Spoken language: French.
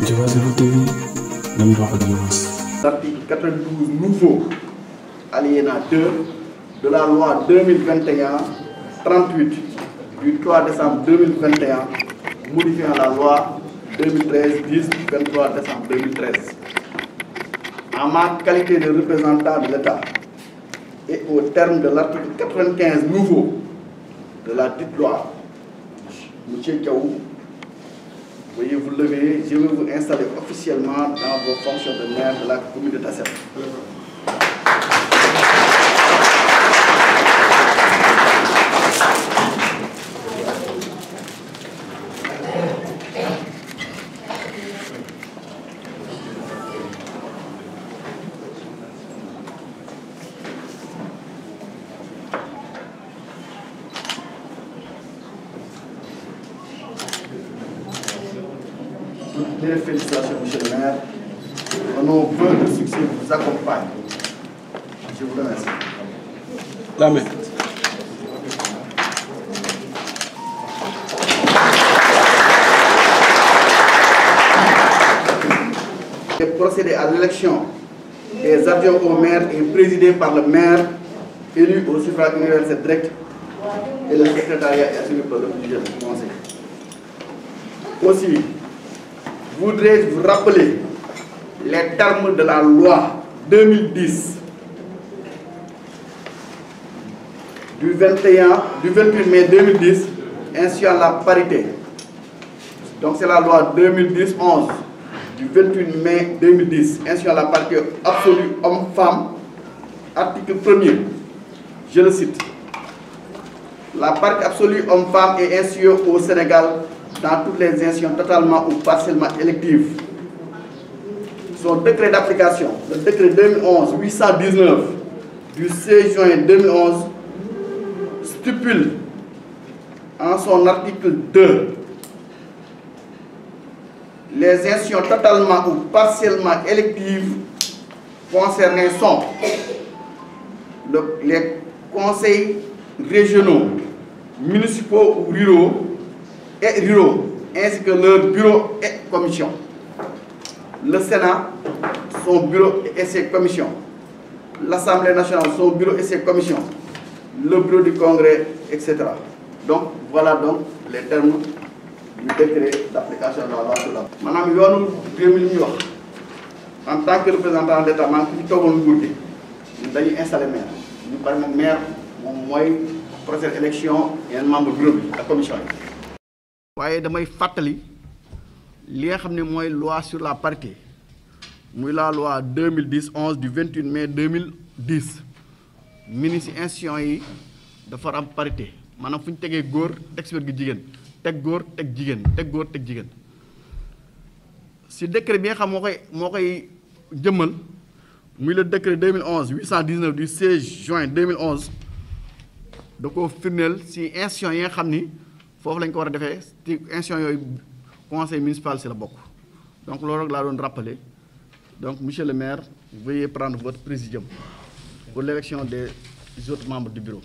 L'article 92 nouveau, alienateur de la loi 2021-38 du 3 décembre 2021, modifiant la loi 2013-10 23 décembre 2013. En ma qualité de représentant de l'État et au terme de l'article 95 nouveau de la dite loi, M. Kaou Voyez, vous lever, je vais vous installer officiellement dans vos fonctions de maire de la commune de Tassel. Mes félicitations, monsieur le maire. Nos voeux de succès vous accompagne. Je vous remercie. La main. procéder à l'élection des avions au maire et présidé par le maire élu au suffrage universel direct et le secrétariat est assuré par le budget du conseil. Aussi, voudrais vous rappeler les termes de la loi 2010 du 21, du 28 mai 2010 ainsi à la parité. Donc c'est la loi 2010-11 du 21 mai 2010 ainsi la parité absolue homme-femme, article 1er. Je le cite. La parité absolue homme-femme est insuée au Sénégal dans toutes les institutions totalement ou partiellement électives. Son décret d'application, le décret 2011-819 du 16 juin 2011, stipule en son article 2 les institutions totalement ou partiellement électives concernées sont les conseils régionaux, municipaux ou ruraux et bureau ainsi que leur bureau et commission. Le Sénat, son bureau et ses commissions. L'Assemblée nationale, son bureau et ses commissions. Le bureau du Congrès, etc. Donc, voilà donc les termes du décret d'application de la loi sur la. Madame yoonu réew en tant que représentant d'État, l'état maanaam ku ñu Nous nous gi ñun maire Nous pare élection maire moom procès élection un membre de la la commission waaye damay fàttali li nga xam ne mooy loi sur la parité muy la loi 2010 11 du 28 mai 2010 mini si institution yi dafa am parité maanaam fu ñu tegee góor teg si wet gi jigéen teg góor teg jigéen teg góor teg jigéen si décret bi nga xam moo koy moo koy jëmmal muy le décret 2011 819 du 16 juin 2011 da koo firndeel si institution yi nga xam ni. Pour lañ ko war a defee ci conseil municipal c'est la bokk donc loolu la laa rappeler donc monsieur le maire veuillez prendre votre présidium pour l'élection des autres membres du bureau.